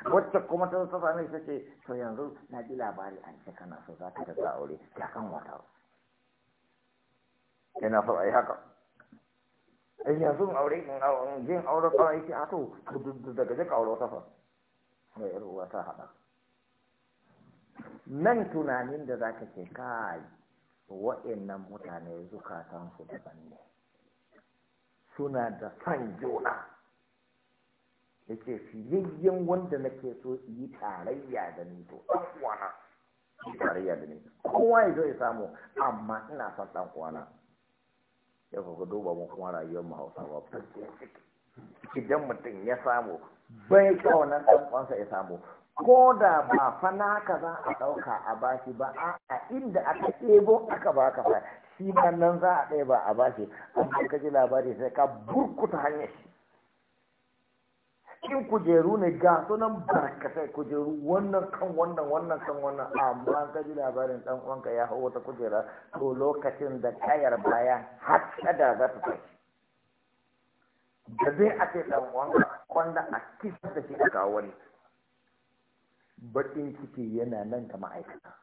wacce kuma ta ta same ta ce to yanzu na ji labari an ce kana so za ka tafi aure ta kan wata yana so a yi haka ai yanzu aure in jin aure yi yake a ah to daga jika aure wata fa mai yar uwa ta haɗa nan tunanin da za ka ce kai wa'annan mutane su daban ne suna da son juna ya ce fiyayyen wanda nake so yi tarayya da ni to ɗan uwana yi tarayya da ni kowa ya zo ya samu amma ina son ɗan uwana ya kuka duba mu kuma rayuwar mu hausa ba idan mutum ya samu bai kaunar ɗan uwansa ya samu ko da ba fana ka za a ɗauka a bashi ba a inda aka ɗebo aka ba ka fa shi nan za a ɗaya ba a bashi amma ka ji labari sai ka burkuta hanyar shi in kujeru ne ga sunan barkatai kujeru wannan kan wannan wannan kan wannan amma ka ji labarin dan uwanka ya hau wata kujera to lokacin da kayar baya har kada za ta tashi da zai a ce dan uwanka kwanda a kisa da shi a kawo wani baƙin ciki yana nan ga ma'aikata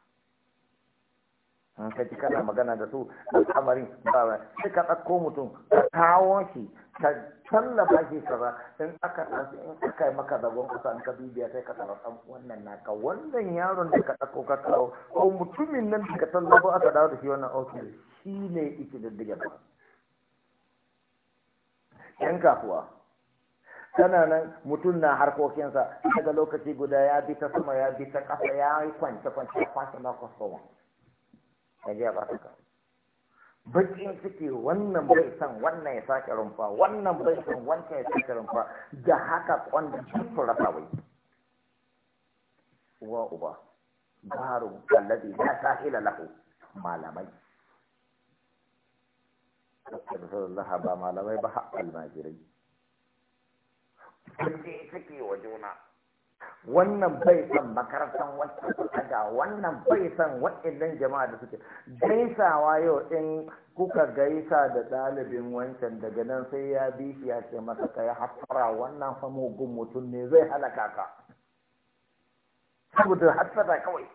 An ka kana magana da su al'amarin ba sai ka ɗauko mutum ka kawo shi ka tallafa shi kaza in aka tsanci in aka yi maka zagon kusa ka bibiya sai ka tsara wannan naka wannan yaron da ka ɗauko ka kawo ko mutumin nan da ka tallafa aka dawo da shi wannan ofis shi ne ike diddiga ba yan kasuwa tana nan mutum na harkokinsa daga lokaci guda ya bi ta sama ya bi ta ƙasa ya yi kwance kwance a kwashe na kwastoma ya ya ba kawo. bakin suke wannan bai san wannan ya sake rumfa wannan bai san wancan ya sake rumfa da haka kwanda sun rasa wai uwa uba baru alladhi la sahila lahu malamai Rasulullah ba malamai ba haƙƙal majirai. Bakin suke wa juna. wannan bai san makarantar wancan aga wannan bai san wa'annan jama'a da suke gaisawa yau in kuka gaisa da ɗalibin wancan daga nan sai ya bi shi ya ce masa ka ya hasara wannan famo gun mutum ne zai halaka ka saboda hasara kawai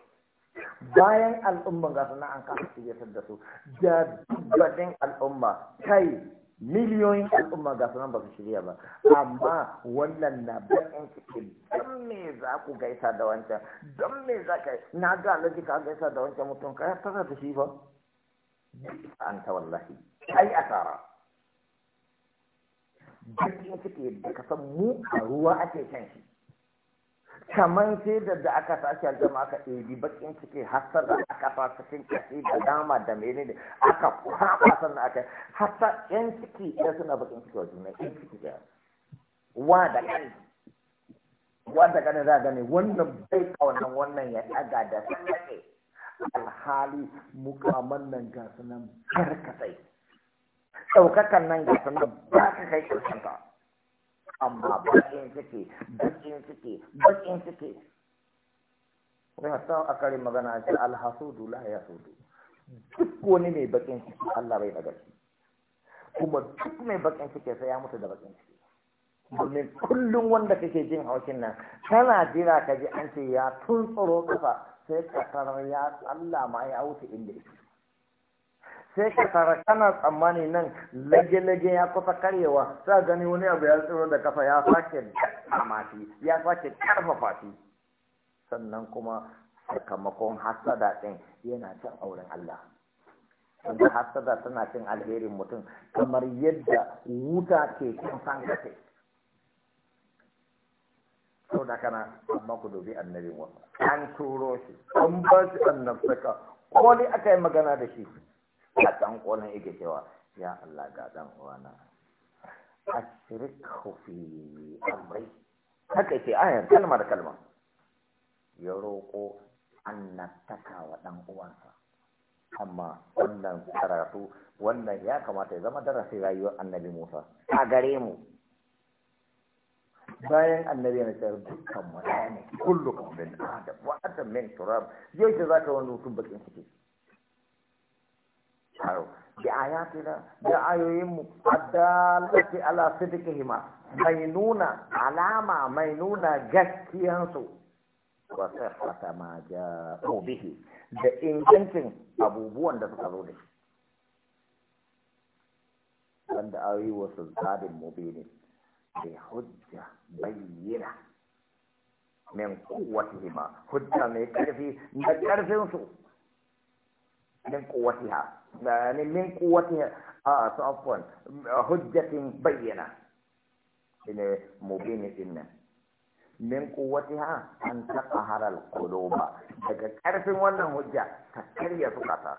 bayan al'umma ga sana'an ka su da su da dubbatin al'umma kai miliyoyin al'umma ga sunan ba su shirya ba amma wannan na bayan ciki don me za ku gaisa da wancan don me za ka na ga alaji ka gaisa da wancan mutum ka ya tara da shi ba an ta wallahi ai asara bayan ciki da ka san mu a ruwa ake shan shi kamar sai da da aka sashi aljama aka ɗebi bakin ciki da aka sa cikin kashi da dama da da aka kwafa sannan aka hasar yan ciki ya suna bakin ciki wajen mai, yan ciki ɗaya wa da wa da ƙani za gani wannan bai ƙaunan wannan ya ɗaga da sanaƙe alhali mukaman nan ga sunan karkatai ɗaukakan nan ga sunan ba ka kai ƙarshen ka. amma bakin ciki bakin ciki bakin ciki wai hatta a kare magana a ce alhasudu la ya sudu duk wani mai bakin ciki Allah bai daga shi kuma duk mai bakin ciki sai ya mutu da bakin ciki domin kullum wanda kake jin haushin nan kana jira ka ji an ce ya tun tsoro kafa sai ka ya Allah ma ya wuce inda yake sai ka tara kana tsammani nan lage-lage ya kusa karyewa sa gani wani abu ya tsoro da kafa ya sake amati ya sake karfafa fi sannan kuma sakamakon hasada ɗin yana cin auren Allah wanda hasada tana cin alherin mutum kamar yadda wuta ke cin fankate sau da kana amma ku dubi annabin wa an turo shi an ba shi annabtaka ko ne aka yi magana da shi a ɗan ƙonan yake cewa ya Allah ga ɗan uwana ashirikhu fi amri haka ce ayar kalma da kalma ya roƙo annataka wa ɗan uwansa amma wannan karatu wannan ya kamata ya zama darasi rayuwar annabi Musa a gare mu bayan annabi na cewa dukkan mutane ne kullu min adam wa adam min turab yau ce zaka wani mutum bakin ciki caro bi ayatina mu mu addalati ala sidqihima mai nuna alama mai nuna su wa sihhata ma ja'u bihi da ingancin abubuwan da suka zo da shi wanda ayi wa sultanin mubini bi hujja bayyina min hima, hujja mai karfi da ƙarfinsu min ha. يعني من قوتها bayyana, عفوا حجة بينة إلى مبين إن من قوتها أن تقهر القلوب daga ƙarfin wannan hujja ta karya zukata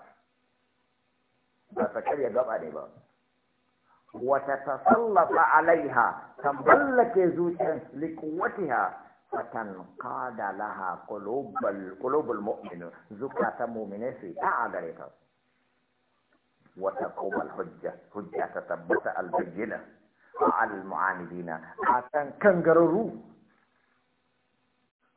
ba ta karya gaba ne ba wata ta tasallafa alaiha ta mallake zuciyar likuwatiha fatan kada laha kulubul mu'minu zukatan mu'minai su ta a gare وتقوم الحجة حجة تثبت البينة على المعاندين حتى كنغرروا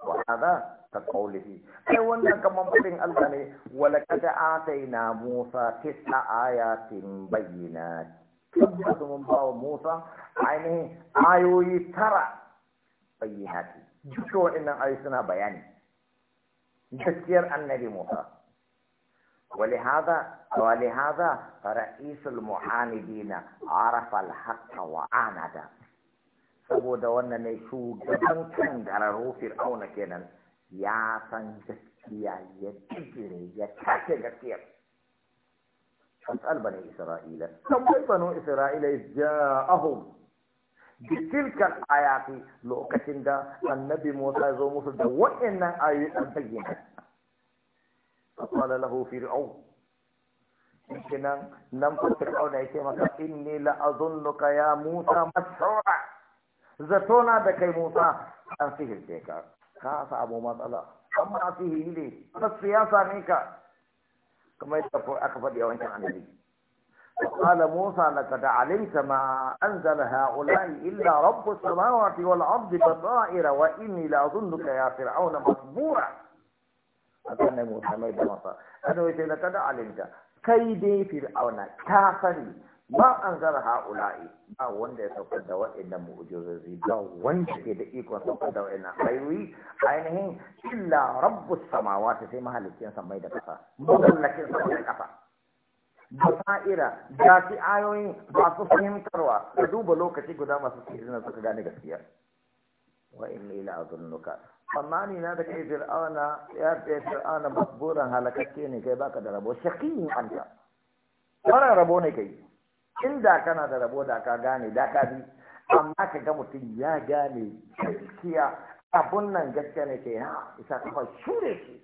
وهذا كقوله أي وانا كما بدين الله ولقد آتينا موسى تسع آيات بينات tabbata mun ba wa Musa ainihin ayoyi tara bayyanati duka waɗannan ayoyi suna bayani gaskiyar annabi Musa ولهذا ولهذا رئيس المحاندين عرف الحق وعاند سبو دوانا نيشو جبن كان على روفي الأونا كينا يا يا سنجتيا يا يتحكي كثير فاسأل بني إسرائيل كم بني إسرائيل جاءهم بتلك الآيات لو كتندا النبي موسى زومس دوانا آيات البينات فقال له فرعون يمكن لم فرعون أي شيء مثلا إني لأظنك يا موسى مسحورا زتونا بك يا موسى أن فيه الجيكا خاف أبو مطلع أما فيه إلي بس في ياسا كما يتفو أخفر يا وانك عن إلي فقال موسى لقد علمت ما أنزل هؤلاء إلا رب السماوات والأرض بالطائرة وإني لأظنك يا فرعون مصبورا akan Muhammad da masa kada wai da kada alinta kai dai fir'auna ta sani ma an zara ha'ula'i ba wanda ya saukar da wa'annan mu'ujizozi ba wanda ke da ikon saukar da wa'annan ayoyi ainihin illa rabbus samawati sai mahalikin samai da kasa mahalicin samai da kasa basa'ira ga shi ayoyin su fahimtarwa su duba lokaci guda masu sirri na suka gane gaskiya wa inni ila azunnuka tsammani na da kai fir'auna ya fi fir'auna burin halakakke ne kai baka da rabo shakiyin anta wannan rabo ne kai inda kana da rabo da ka gane da ka bi amma ka ga mutum ya gane gaskiya abun nan gaskiya ne ke ha isa kuma shure shi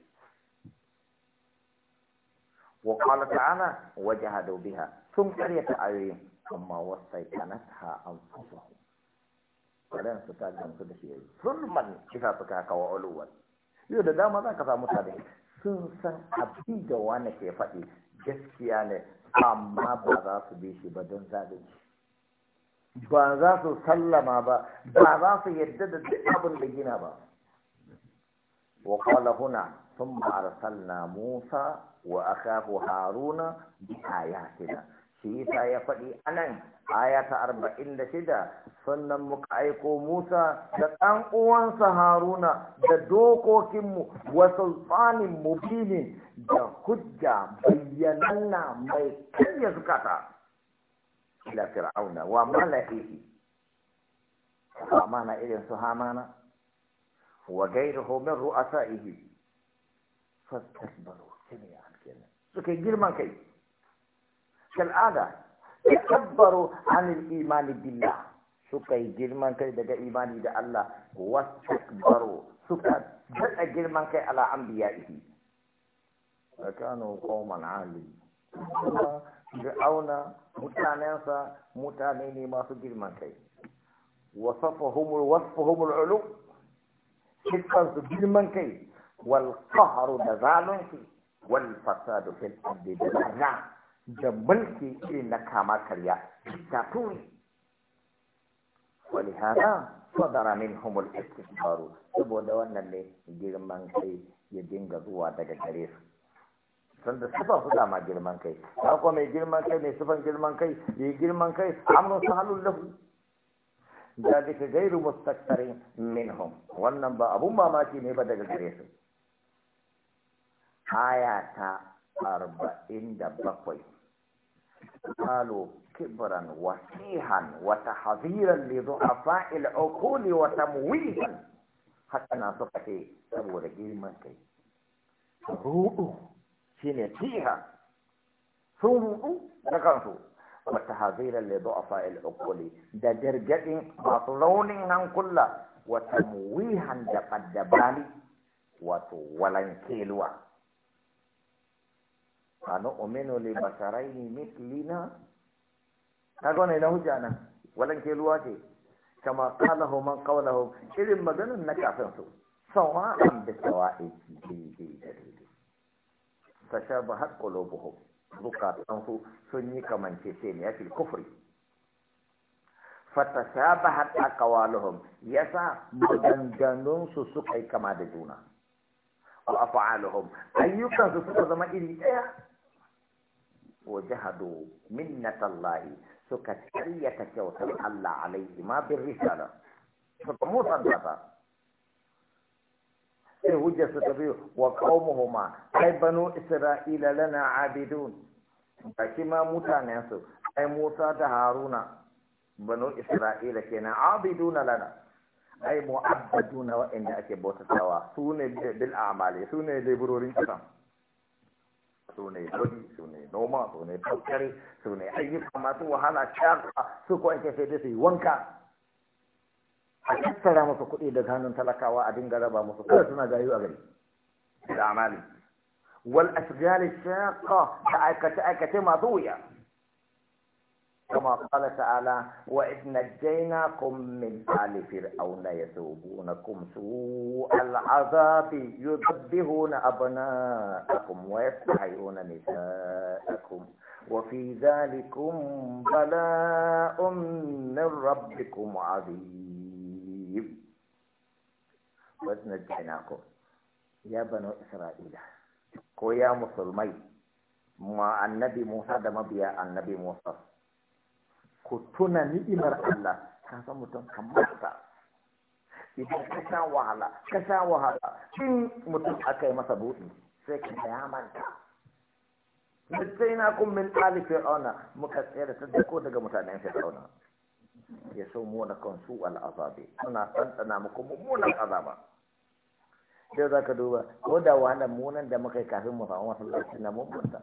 wa qala ta'ala wajahadu biha sun karyata ayoyin amma wasaita an anfusuhum ran su ta gamsu da shi sun man kisa su ka kawo oluwar yau da dama za ka samu tare sun san abin da wani ke faɗi gaskiya ne amma ba za su bi shi ba don zalunci ba za su sallama ba ba za su yadda da duk abin da gina ba wa qala huna thumma arsalna musa wa akahu haruna bi ayatina shi ya faɗi anan aya ta arba'in da shida sannan muka aiko Musa da ɗan uwansa Haruna da dokokinmu wa sulfanin mubinin da hujja bayyananna mai kanya zukata ila fir'auna wa mala'ihi wa mana irin su hamana wa gairuhu min ru'asa'ihi fastakbaru sami'an kenan suka girman kai كالعادة تكبروا عن الإيمان بالله سكي جرمان كي دقى إيمان إذا الله واتكبروا سكا جرأ جرمان كي على أنبيائه فكانوا قوما عالي فرعون متانيسا متانيني ما سجرمان كي وصفهم وصفهم العلو شكا سجرمان كي والقهر دزالون كي والفساد في الأرض دزالون da mulki irin na kama karya diktaturi wani hana sadara min humul istisbaru saboda wannan ne girman kai ya dinga zuwa daga gare su sun da sufan su dama girman kai ta kuma mai girman kai mai sufan girman kai mai girman kai amma su halun lahu da duka gairu mustaktarin minhum wannan ba abun mamaki ne ba daga gare su aya ta arba'in da bakwai قالوا كبرا وسيحا وتحذيرا لضعفاء العقول وتمويها حتى نصفك سبو رجيل منكي روحه سينتيها سوء لكنسو وتحذيرا لضعفاء العقول ده درجة مطلون عن كل وتمويها دقد بالي وتولن كيلوا ana le li basaraini mislina kaga wannan na hujja nan walan ke ruwa ce kama ho man ho irin maganan na kafin su Sawa an bi sawa sawa'i daidai da ho buka qulubuhum zukatansu sun yi kamance ce ne yake kufri fatashabahat aqwaluhum yasa maganganun su suka yi kama da juna wa af'aluhum ayyukan su suka zama iri daya وجحدوا منة الله سكترية كوتر الله عليه ما بالرسالة فمو صدقا sai hujjar su tafi wa qaumuhuma ai banu isra'ila lana abidun baki ma mutanen su ai Musa da Haruna banu isra'ila kenan abiduna lana ai mu'abbaduna wa'anda ake bautatawa sune bil a'mali sune leburorin kisan su ne lodi su ne noma su ne fakkare su ne ayyuka masu wahala shafa su kuwa ake sai dai su yi wanka a tattara musu kuɗi da hannun talakawa a dinga raba musu kawai suna gayu a gari da amali wal asgali shaqa da aikace aikace masu wuya كما قال تعالى وإذ نجيناكم من آل فرعون يسومونكم سوء العذاب يذبحون أبناءكم ويستحيون نساءكم وفي ذلكم بلاء من ربكم عظيم وإذ نجيناكم يا بنو إسرائيل ويا مسلمي مع النبي موسى ده بيا النبي موسى ku tuna ni'imar Allah ka san mutum kamar ta idan ka sha wahala ka sha wahala in mutum aka yi masa buɗi sai ka ya manta sai na kun min ɗali fir'auna muka tsere ta dako daga mutanen fir'auna ya so mu na kan su al'azabi suna tsantsana muku mummunan azaba sai za ka duba ko da wannan munan da muka yi kafin mu samu masallaci na mummunta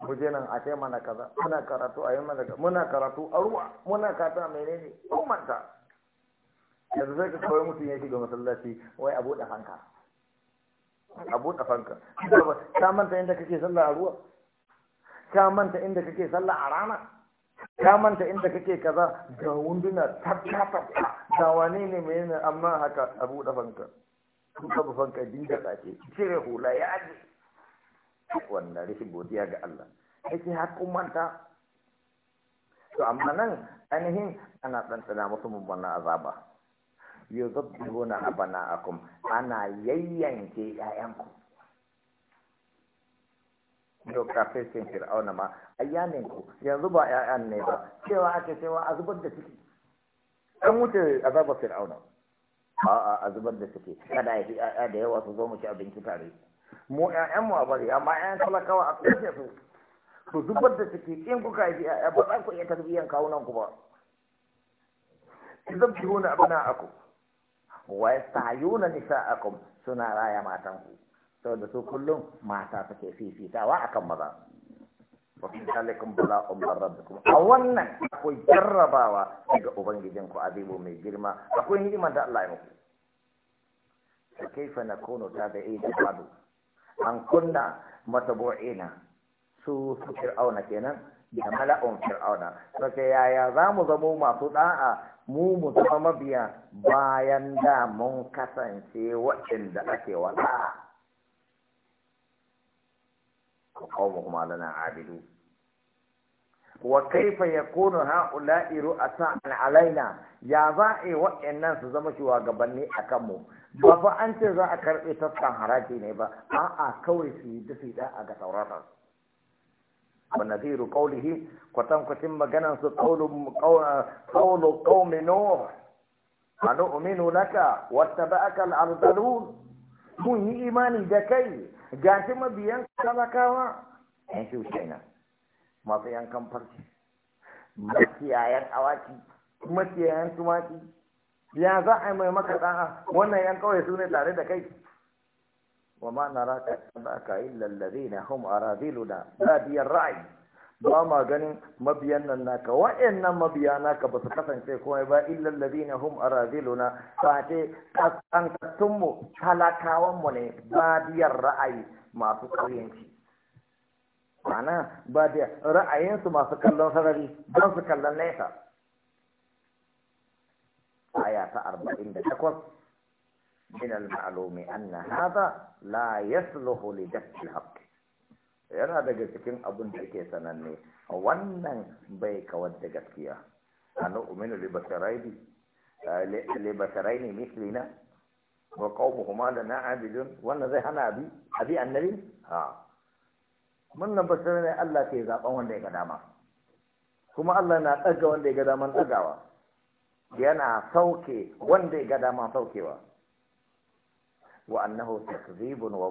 mu je nan a ce mana kaza muna karatu a yi mana kaza muna karatu a ruwa muna kata menene ko yanzu sai ka kawai mutum ya shiga masallaci wai a buɗe fanka a buɗe fanka ka manta inda kake sallah a ruwa ka manta inda kake sallah a rana ka manta inda kake kaza ga wunduna tabta tabta ga wane ne mai amma haka a buɗe fanka babu fanka dinga tsace cire hula ya aje wannan rashin godiya ga Allah yake hakumanta to amma nan ainihin ana ɗanɗana musu mummunan azaba bana akum ana yayyanke 'ya'yanku. yau kafin sun fir'auna ma ku. yanzu ba ƴaƴan ne ba cewa ake cewa a zubar da ciki an wuce azaba fir'auna a'a a zubar da ciki kada a yi ƴaƴa da yawa su zo mu ci abinci tare mu ƴaƴan mu a bari amma ƴaƴan talakawa a kashe su to zubar da suke in kuka yi ƴaƴa ba za ku iya tarbiyyan kawunan ku ba idan bihuna abana aku wa yastahayuna nisa'akum suna raya matan ku saboda su kullum mata suke fifitawa kan maza wa fi zalikum bala'un min rabbikum a wannan akwai jarrabawa daga ku, azibu mai girma akwai ni'imar da Allah ya muku kaifa nakunu tabi'i da fadu? an kunna matabu'ina su su fir'auna kenan da mala'un fir'auna sake yaya za mu zamo masu da'a mu mu zama mabiya bayan da mun kasance waɗanda ake wata ko kuma lana abidu wa kaifa yakunu a ru'asa'an alaina ya za a waɗannan su zama shugabanni a kanmu ba fa an ce za a karɓe taskan haraji ne ba a'a kawai su yi dafi da a ga sauraron wa nadiru qawlihi kwatan kwatin maganan su qawlu qawlu qaumi nuh anu uminu laka wattaba'aka al-ardalun mun yi imani da kai gashi mabiyan talakawa shi masu yankan farce makiyayen awaki makiyayen tumaki ya za a yi mai maka ɗan'a wannan yan kawai su ne tare da kai wa ma na raka ba ka yi lallare na hum a razilu na radiyar ra'ayi ba ma ganin mabiyan nan naka wa'annan mabiya naka ba su kasance kuma ba illal na hum araziluna fate kaskantattun mu talakawan mu ne badiyar ra'ayi masu ƙauyenci ma'ana ba da ra'ayinsu masu kallon sarari don su kallon nesa aya ta arba'in da takwas min al-ma'lumi anna hadha la yasluhu li dafi al-haqq yana daga cikin abin da yake sananne wannan bai kawar da gaskiya ana uminu li basaraidi li basaraini mislina wa qawmuhuma lana abidun wannan zai hana abi abi annabi ha wannan basira ne Allah ke zaɓen wanda ya ga dama kuma Allah na ɗaga wanda ya ga daman dagawa, yana sauke wanda ya ga dama saukewa wa annahu takzibun wa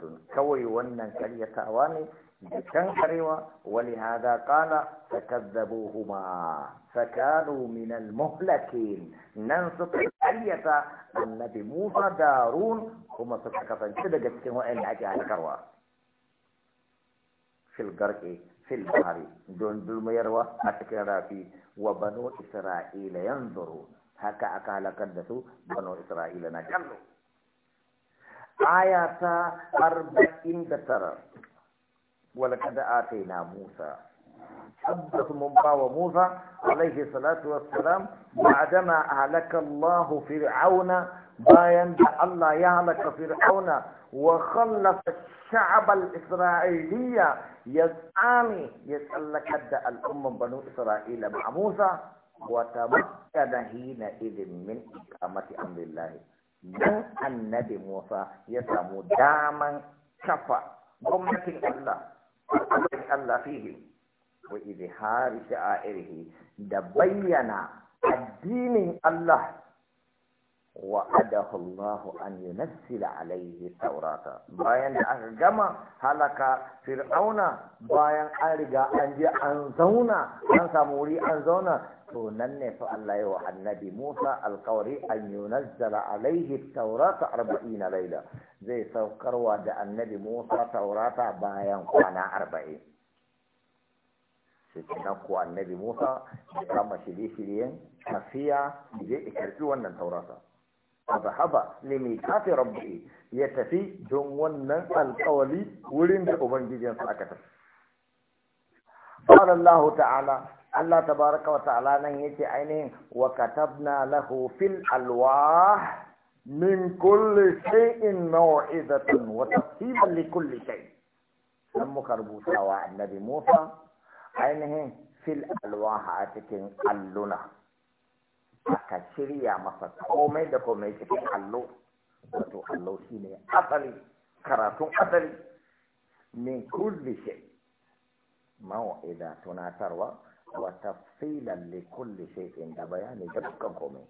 tun kawai wannan karyatawa ne da can karewa wali hada qala fakazzabuhuma fakanu min al-muhlakin nan suka karyata annabi Musa da Harun kuma suka kasance daga cikin wa'anda ake halkarwa fil garke fil bahari don dulmayarwa a cikin rafi wa banu isra'ila yanzuru haka aka halakar da su banu isra'ila na kallo aya ta arba'in da tara Wala walakada na musa tabbas mun ba wa Musa alaihi salatu wassalam ba'dama halaka Allah fir'auna bayan da Allah ya halaka fir'auna wa khallafa sha'ab al-isra'iliyya ya tsame ya tsallakar da al'ummar banu isra'ila a Musa Wata tabakkada hina idin min ikamati amrillahi dan annabi Musa ya samu daman kafa gwamnatin Allah Allah fihi wa izhari sha'airihi da bayyana addinin Allah wa adahu Allah an yunazzila alayhi taurata bayan da aka gama halaka fir'auna bayan an riga an je an zauna an samu wuri an zauna to nan ne fa Allah ya wa annabi Musa alƙawari an yunazzala alayhi taurata arba'ina laila zai saukarwa da annabi Musa taurata bayan kwana arba'in sai na annabi musa ya kama shirye-shiryen tafiya je ya karfi wannan taurasa azhaba limikati rabbi ya tafi don wannan alkawali wurin da ubangijinsa aka tafi qala allah ta'ala allah tabaraka wa ta'ala nan yake ainihin wa katabna lahu fil alwah min kulli shay'in maw'izatan wa tafsilan li kulli shay' dan muka rubuta wa annabi musa ainihin fil alwaha a cikin alluna aka shirya masa komai da komai cikin allo wato allo shi ne asali karatun asali min kulli mawa idan tunatarwa wa tafsilan li kulli shi da bayani da dukkan komai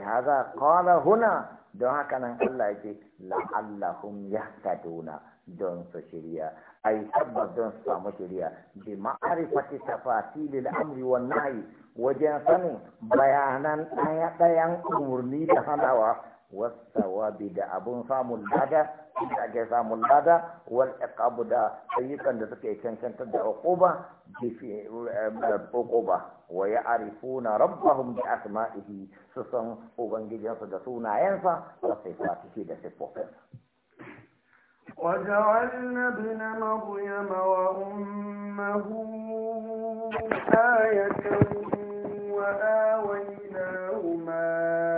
haza huna don هنا دعاء كان الله يجي لعلهم يهتدون don su shirya ai tabbas don su samu shirya bi ma'arifati tafasilil amri wan nahi wajen sanin bayanan daya dayan umurni da hanawa wasawabi da abun samun lada da ake samun lada wal iqabu da ayyukan da suke cancantar da uquba bi fi eh, uquba wa ya'rifuna rabbahum bi asma'ihi su san ubangijinsu da sunayensa da sifatihi da sifofinsa وجعلنا ابن مريم وأمه آية وآويناهما